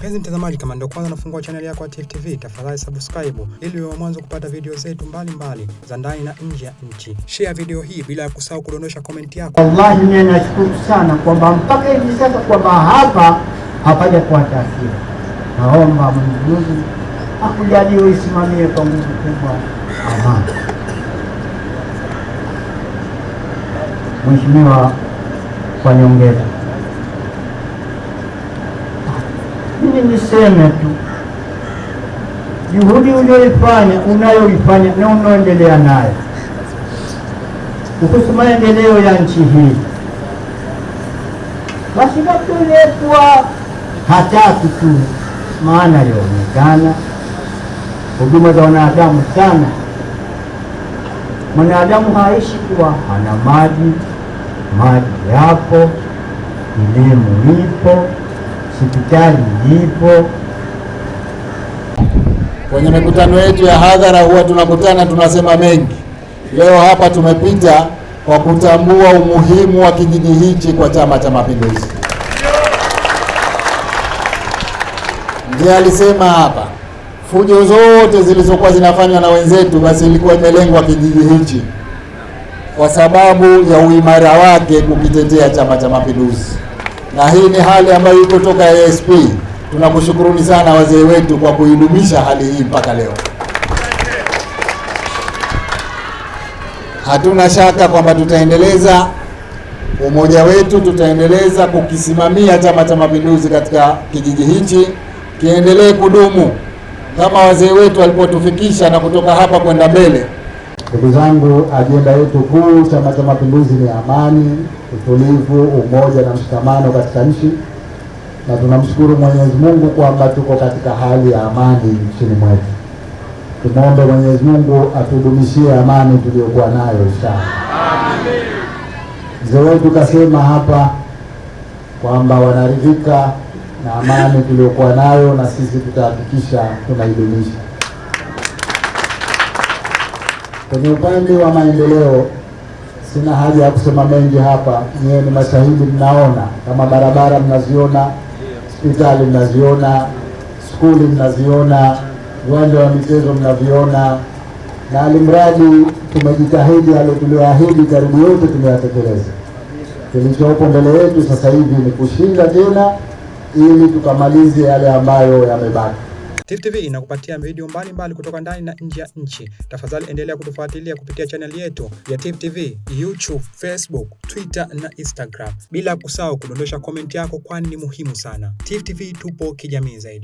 Mpenzi mtazamaji, kama ndio kwanza nafungua chaneli yako ya Tifu TV, tafadhali subscribe ili uwe mwanzo kupata video zetu mbalimbali za ndani na nje ya nchi. Share video hii bila ya kusahau kudondosha komenti yako. Wallahi mimi nashukuru sana kwamba mpaka hivi sasa kwamba hapa hapaja kuwa taathira. Naomba Mwenyezi akujalie uisimamie kwa nguvu kubwa amani. Mheshimiwa, kwa nyongeza mimi niseme tu juhudi ulioifanya unayoifanya na unaoendelea nayo kuhusu maendeleo ya nchi hii, basi labda hatatu tu, maana yaonekana huduma za wanadamu sana. Mwanadamu haishi kuwa hana maji, maji yapo, elimu ipo hospitali ipo. Kwenye mikutano yetu ya hadhara huwa tunakutana tunasema mengi. Leo hapa tumepita kwa kutambua umuhimu wa kijiji hichi kwa Chama cha Mapinduzi. Ndiye alisema hapa, fujo zote zilizokuwa zinafanywa na wenzetu, basi ilikuwa imelengwa kijiji hichi kwa sababu ya uimara wake kukitetea Chama cha Mapinduzi na hii ni hali ambayo iko toka ASP. Tunakushukuruni sana wazee wetu kwa kuidumisha hali hii mpaka leo. Hatuna shaka kwamba tutaendeleza umoja wetu, tutaendeleza kukisimamia Chama cha Mapinduzi katika kijiji hichi kiendelee kudumu kama wazee wetu walipotufikisha na kutoka hapa kwenda mbele. Ndugu zangu, ajenda yetu kuu Chama cha Mapinduzi ni amani, utulivu, umoja na mshikamano katika nchi, na tunamshukuru Mwenyezi Mungu kwamba tuko katika hali ya amani nchini mwetu. Tumwombe Mwenyezi Mungu atudumishie amani tuliyokuwa nayo inshallah. Mzee wetu kasema hapa kwamba wanaridhika na amani tuliyokuwa nayo, na sisi tutahakikisha tunaidumisha. Kwenye upande wa maendeleo sina haja ya kusema mengi hapa, nyewe ni mashahidi, mnaona kama barabara mnaziona, hospitali mnaziona, skuli mnaziona, uwanja wa michezo mnaviona, na alimradi tumejitahidi, yale tulioahidi karibu yote tumeyatekeleza. Kilichopo mbele yetu sasa hivi ni kushinda tena, ili tukamalize yale ambayo yamebaki. Tifu TV inakupatia video mbalimbali mbali kutoka ndani na nje ya nchi. Tafadhali endelea kutufuatilia kupitia chaneli yetu ya Tifu TV, YouTube, Facebook, Twitter na Instagram, bila kusahau kudondosha komenti yako, kwani ni muhimu sana. Tifu TV tupo kijamii zaidi.